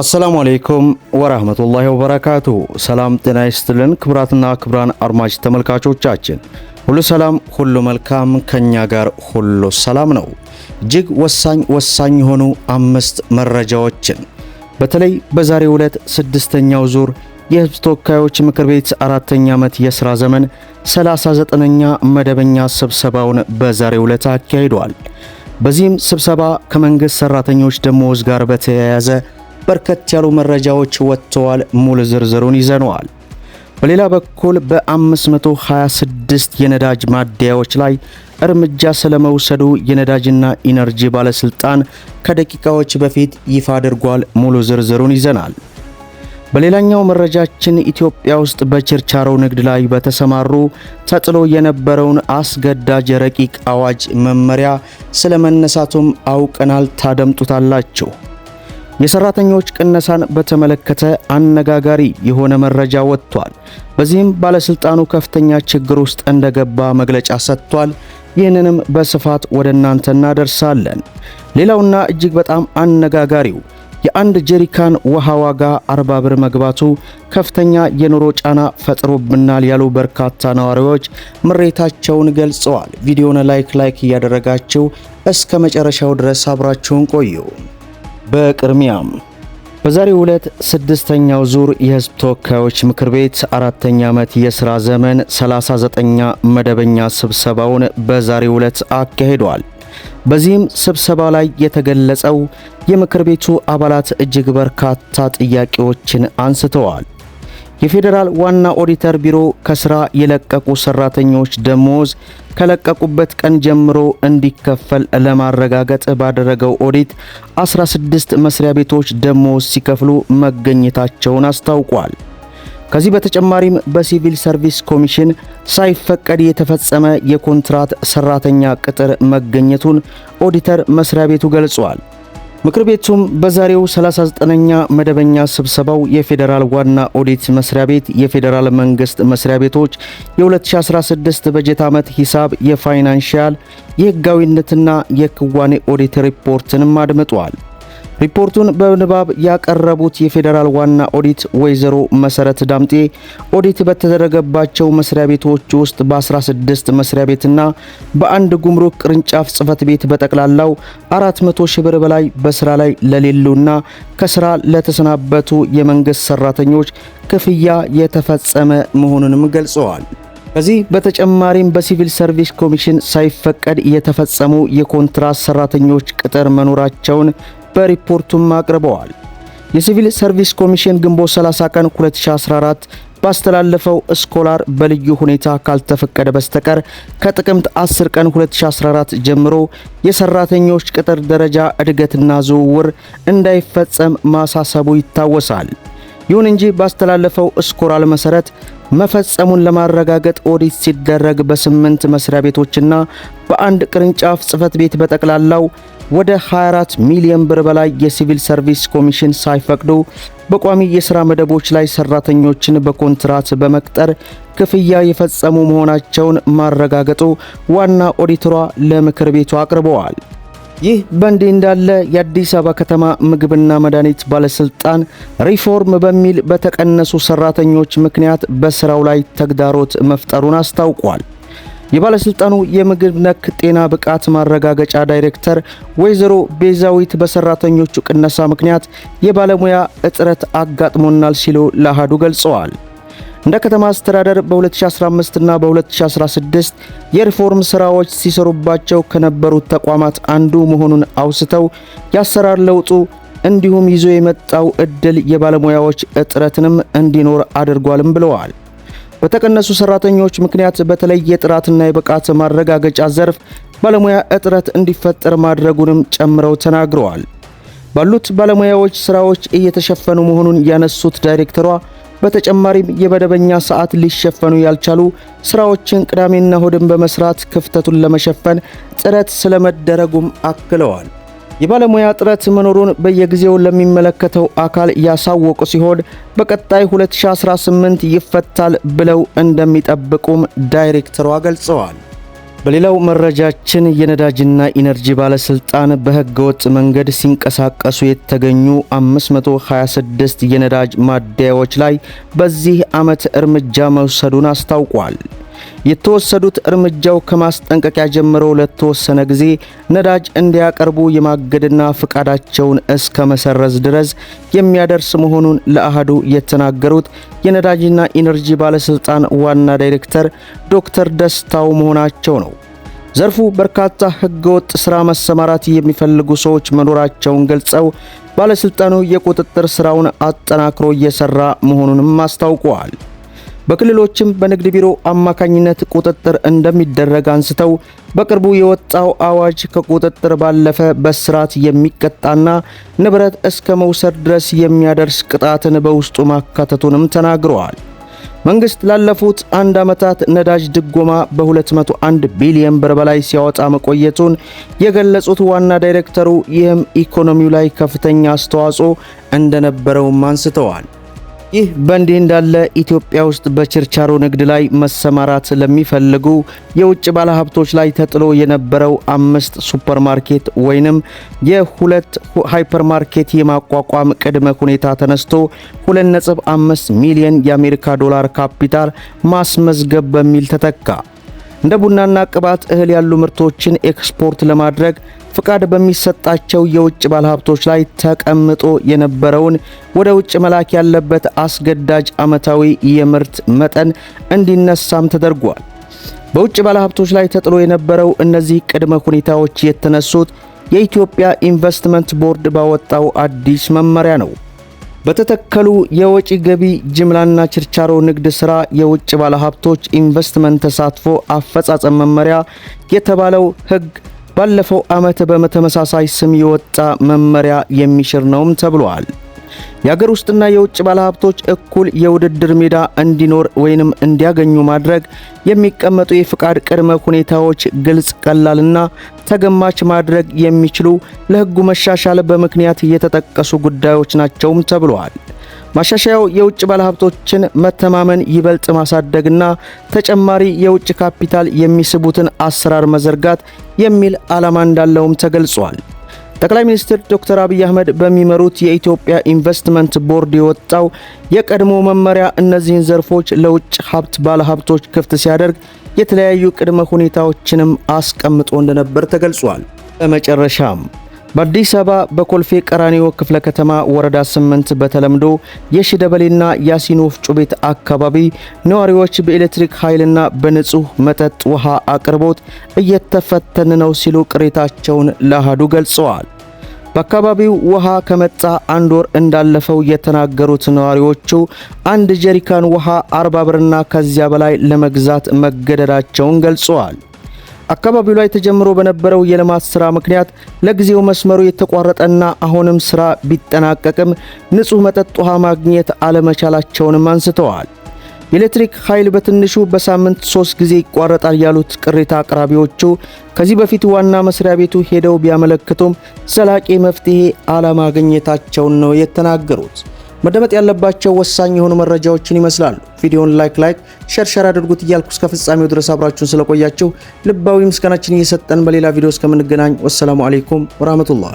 አሰላሙ አሌይኩም ወራህመቱላሂ ወበረካቱ ሰላም ጤና ይስጥልን ክብራትና ክብራን አድማጭ ተመልካቾቻችን ሁሉ ሰላም ሁሉ መልካም፣ ከኛ ጋር ሁሉ ሰላም ነው። እጅግ ወሳኝ ወሳኝ የሆኑ አምስት መረጃዎችን በተለይ በዛሬው ዕለት ስድስተኛው ዙር የህዝብ ተወካዮች ምክር ቤት አራተኛ ዓመት የሥራ ዘመን 39ኛ መደበኛ ስብሰባውን በዛሬው ዕለት አካሂዷል። በዚህም ስብሰባ ከመንግሥት ሠራተኞች ደሞዝ ጋር በተያያዘ በርከት ያሉ መረጃዎች ወጥተዋል። ሙሉ ዝርዝሩን ይዘነዋል። በሌላ በኩል በ526 የነዳጅ ማደያዎች ላይ እርምጃ ስለመውሰዱ የነዳጅና ኢነርጂ ባለስልጣን ከደቂቃዎች በፊት ይፋ አድርጓል። ሙሉ ዝርዝሩን ይዘናል። በሌላኛው መረጃችን ኢትዮጵያ ውስጥ በችርቻሮ ንግድ ላይ በተሰማሩ ተጥሎ የነበረውን አስገዳጅ ረቂቅ አዋጅ መመሪያ ስለመነሳቱም አውቀናል። ታደምጡታላችሁ። የሰራተኞች ቅነሳን በተመለከተ አነጋጋሪ የሆነ መረጃ ወጥቷል። በዚህም ባለስልጣኑ ከፍተኛ ችግር ውስጥ እንደገባ መግለጫ ሰጥቷል። ይህንንም በስፋት ወደ እናንተ እናደርሳለን። ሌላውና እጅግ በጣም አነጋጋሪው የአንድ ጀሪካን ውሃ ዋጋ 40 ብር መግባቱ ከፍተኛ የኑሮ ጫና ፈጥሮብናል ያሉ በርካታ ነዋሪዎች ምሬታቸውን ገልጸዋል። ቪዲዮን ላይክ ላይክ እያደረጋችሁ እስከ መጨረሻው ድረስ አብራችሁን ቆዩ። በቅድሚያም በዛሬው ዕለት ስድስተኛው ዙር የህዝብ ተወካዮች ምክር ቤት አራተኛ ዓመት የሥራ ዘመን 39ኛ መደበኛ ስብሰባውን በዛሬው ዕለት አካሂዷል። በዚህም ስብሰባ ላይ የተገለጸው የምክር ቤቱ አባላት እጅግ በርካታ ጥያቄዎችን አንስተዋል። የፌዴራል ዋና ኦዲተር ቢሮ ከስራ የለቀቁ ሰራተኞች ደሞዝ ከለቀቁበት ቀን ጀምሮ እንዲከፈል ለማረጋገጥ ባደረገው ኦዲት 16 መስሪያ ቤቶች ደሞዝ ሲከፍሉ መገኘታቸውን አስታውቋል። ከዚህ በተጨማሪም በሲቪል ሰርቪስ ኮሚሽን ሳይፈቀድ የተፈጸመ የኮንትራት ሰራተኛ ቅጥር መገኘቱን ኦዲተር መስሪያ ቤቱ ገልጿል። ምክር ቤቱም በዛሬው 39ኛ መደበኛ ስብሰባው የፌዴራል ዋና ኦዲት መስሪያ ቤት፣ የፌዴራል መንግስት መስሪያ ቤቶች የ2016 በጀት ዓመት ሂሳብ፣ የፋይናንሽያል የህጋዊነትና የክዋኔ ኦዲት ሪፖርትንም አድምጧል። ሪፖርቱን በንባብ ያቀረቡት የፌዴራል ዋና ኦዲት ወይዘሮ መሰረት ዳምጤ ኦዲት በተደረገባቸው መስሪያ ቤቶች ውስጥ በ16 መስሪያ ቤትና በአንድ ጉምሩክ ቅርንጫፍ ጽህፈት ቤት በጠቅላላው 400 ሺህ ብር በላይ በስራ ላይ ለሌሉና ከስራ ለተሰናበቱ የመንግስት ሰራተኞች ክፍያ የተፈጸመ መሆኑንም ገልጸዋል። ከዚህ በተጨማሪም በሲቪል ሰርቪስ ኮሚሽን ሳይፈቀድ የተፈጸሙ የኮንትራት ሰራተኞች ቅጥር መኖራቸውን በሪፖርቱም አቅርበዋል። የሲቪል ሰርቪስ ኮሚሽን ግንቦት 30 ቀን 2014 ባስተላለፈው ስኮላር በልዩ ሁኔታ ካልተፈቀደ በስተቀር ከጥቅምት 10 ቀን 2014 ጀምሮ የሰራተኞች ቅጥር ደረጃ እድገትና ዝውውር እንዳይፈጸም ማሳሰቡ ይታወሳል። ይሁን እንጂ ባስተላለፈው ስኮላር መሰረት መፈጸሙን ለማረጋገጥ ኦዲት ሲደረግ በስምንት መስሪያ ቤቶችና በአንድ ቅርንጫፍ ጽህፈት ቤት በጠቅላላው ወደ 24 ሚሊዮን ብር በላይ የሲቪል ሰርቪስ ኮሚሽን ሳይፈቅዱ በቋሚ የሥራ መደቦች ላይ ሰራተኞችን በኮንትራት በመቅጠር ክፍያ የፈጸሙ መሆናቸውን ማረጋገጡ ዋና ኦዲተሯ ለምክር ቤቱ አቅርበዋል። ይህ በእንዲህ እንዳለ የአዲስ አበባ ከተማ ምግብና መድኃኒት ባለስልጣን ሪፎርም በሚል በተቀነሱ ሰራተኞች ምክንያት በስራው ላይ ተግዳሮት መፍጠሩን አስታውቋል። የባለስልጣኑ የምግብ ነክ ጤና ብቃት ማረጋገጫ ዳይሬክተር ወይዘሮ ቤዛዊት በሰራተኞቹ ቅነሳ ምክንያት የባለሙያ እጥረት አጋጥሞናል ሲሉ ለአሃዱ ገልጸዋል። እንደ ከተማ አስተዳደር በ2015 እና በ2016 የሪፎርም ስራዎች ሲሰሩባቸው ከነበሩት ተቋማት አንዱ መሆኑን አውስተው የአሰራር ለውጡ እንዲሁም ይዞ የመጣው እድል የባለሙያዎች እጥረትንም እንዲኖር አድርጓልም ብለዋል። በተቀነሱ ሰራተኞች ምክንያት በተለይ የጥራትና የብቃት ማረጋገጫ ዘርፍ ባለሙያ እጥረት እንዲፈጠር ማድረጉንም ጨምረው ተናግረዋል። ባሉት ባለሙያዎች ስራዎች እየተሸፈኑ መሆኑን ያነሱት ዳይሬክተሯ በተጨማሪም የመደበኛ ሰዓት ሊሸፈኑ ያልቻሉ ስራዎችን ቅዳሜና እሁድን በመስራት ክፍተቱን ለመሸፈን ጥረት ስለመደረጉም አክለዋል። የባለሙያ ጥረት መኖሩን በየጊዜው ለሚመለከተው አካል ያሳወቁ ሲሆን በቀጣይ 2018 ይፈታል ብለው እንደሚጠብቁም ዳይሬክተሯ ገልጸዋል። በሌላው መረጃችን የነዳጅና ኢነርጂ ባለስልጣን በህገወጥ መንገድ ሲንቀሳቀሱ የተገኙ 526 የነዳጅ ማደያዎች ላይ በዚህ ዓመት እርምጃ መውሰዱን አስታውቋል። የተወሰዱት እርምጃው ከማስጠንቀቂያ ጀምሮ ለተወሰነ ጊዜ ነዳጅ እንዲያቀርቡ የማገድና ፍቃዳቸውን እስከ መሰረዝ ድረስ የሚያደርስ መሆኑን ለአሃዱ የተናገሩት የነዳጅና ኢነርጂ ባለስልጣን ዋና ዳይሬክተር ዶክተር ደስታው መሆናቸው ነው። ዘርፉ በርካታ ህገወጥ ሥራ መሰማራት የሚፈልጉ ሰዎች መኖራቸውን ገልጸው ባለስልጣኑ የቁጥጥር ሥራውን አጠናክሮ እየሰራ መሆኑንም አስታውቀዋል። በክልሎችም በንግድ ቢሮ አማካኝነት ቁጥጥር እንደሚደረግ አንስተው በቅርቡ የወጣው አዋጅ ከቁጥጥር ባለፈ በስርዓት የሚቀጣና ንብረት እስከ መውሰድ ድረስ የሚያደርስ ቅጣትን በውስጡ ማካተቱንም ተናግረዋል። መንግሥት ላለፉት አንድ ዓመታት ነዳጅ ድጎማ በ201 ቢሊዮን ብር በላይ ሲያወጣ መቆየቱን የገለጹት ዋና ዳይሬክተሩ ይህም ኢኮኖሚው ላይ ከፍተኛ አስተዋጽኦ እንደነበረውም አንስተዋል። ይህ በእንዲህ እንዳለ ኢትዮጵያ ውስጥ በችርቻሮ ንግድ ላይ መሰማራት ለሚፈልጉ የውጭ ባለሀብቶች ላይ ተጥሎ የነበረው አምስት ሱፐርማርኬት ወይንም የሁለት ሃይፐርማርኬት የማቋቋም ቅድመ ሁኔታ ተነስቶ 2.5 ሚሊዮን የአሜሪካ ዶላር ካፒታል ማስመዝገብ በሚል ተተካ። እንደ ቡናና ቅባት እህል ያሉ ምርቶችን ኤክስፖርት ለማድረግ ፍቃድ በሚሰጣቸው የውጭ ባለሀብቶች ላይ ተቀምጦ የነበረውን ወደ ውጭ መላክ ያለበት አስገዳጅ ዓመታዊ የምርት መጠን እንዲነሳም ተደርጓል። በውጭ ባለሀብቶች ላይ ተጥሎ የነበረው እነዚህ ቅድመ ሁኔታዎች የተነሱት የኢትዮጵያ ኢንቨስትመንት ቦርድ ባወጣው አዲስ መመሪያ ነው። በተተከሉ የወጪ ገቢ ጅምላና ችርቻሮ ንግድ ስራ የውጭ ባለሀብቶች ኢንቨስትመንት ተሳትፎ አፈጻጸም መመሪያ የተባለው ህግ ባለፈው ዓመት በተመሳሳይ ስም የወጣ መመሪያ የሚሽር ነውም ተብሏል። የአገር ውስጥና የውጭ ባለሀብቶች እኩል የውድድር ሜዳ እንዲኖር ወይንም እንዲያገኙ ማድረግ፣ የሚቀመጡ የፍቃድ ቅድመ ሁኔታዎች ግልጽ፣ ቀላልና ተገማች ማድረግ የሚችሉ ለሕጉ መሻሻል በምክንያት የተጠቀሱ ጉዳዮች ናቸውም ተብለዋል። ማሻሻያው የውጭ ባለሀብቶችን መተማመን ይበልጥ ማሳደግና ተጨማሪ የውጭ ካፒታል የሚስቡትን አሰራር መዘርጋት የሚል ዓላማ እንዳለውም ተገልጿል። ጠቅላይ ሚኒስትር ዶክተር አብይ አህመድ በሚመሩት የኢትዮጵያ ኢንቨስትመንት ቦርድ የወጣው የቀድሞ መመሪያ እነዚህን ዘርፎች ለውጭ ሀብት ባለሀብቶች ክፍት ሲያደርግ የተለያዩ ቅድመ ሁኔታዎችንም አስቀምጦ እንደነበር ተገልጿል። በመጨረሻም በአዲስ አበባ በኮልፌ ቀራኒዮ ክፍለ ከተማ ወረዳ 8 በተለምዶ የሺደበሌና ያሲን ወፍጮ ቤት አካባቢ ነዋሪዎች በኤሌክትሪክ ኃይልና በንጹህ መጠጥ ውሃ አቅርቦት እየተፈተን ነው ሲሉ ቅሬታቸውን ለአህዱ ገልጸዋል። በአካባቢው ውሃ ከመጣ አንድ ወር እንዳለፈው የተናገሩት ነዋሪዎቹ አንድ ጀሪካን ውሃ 40 ብርና ከዚያ በላይ ለመግዛት መገደዳቸውን ገልጸዋል። አካባቢው ላይ ተጀምሮ በነበረው የልማት ስራ ምክንያት ለጊዜው መስመሩ የተቋረጠና አሁንም ስራ ቢጠናቀቅም ንጹህ መጠጥ ውሃ ማግኘት አለመቻላቸውንም አንስተዋል። የኤሌክትሪክ ኃይል በትንሹ በሳምንት ሶስት ጊዜ ይቋረጣል ያሉት ቅሬታ አቅራቢዎቹ ከዚህ በፊት ዋና መስሪያ ቤቱ ሄደው ቢያመለክቱም ዘላቂ መፍትሄ አለማግኘታቸውን ነው የተናገሩት። መደመጥ ያለባቸው ወሳኝ የሆኑ መረጃዎችን ይመስላሉ። ቪዲዮውን ላይክ ላይክ ሸር ሸር አድርጉት እያልኩ እስከ ፍጻሜው ድረስ አብራችሁን ስለቆያችሁ ልባዊ ምስጋናችን እየሰጠን በሌላ ቪዲዮ እስከምንገናኝ ወሰላሙ አሌይኩም ወራህመቱላህ።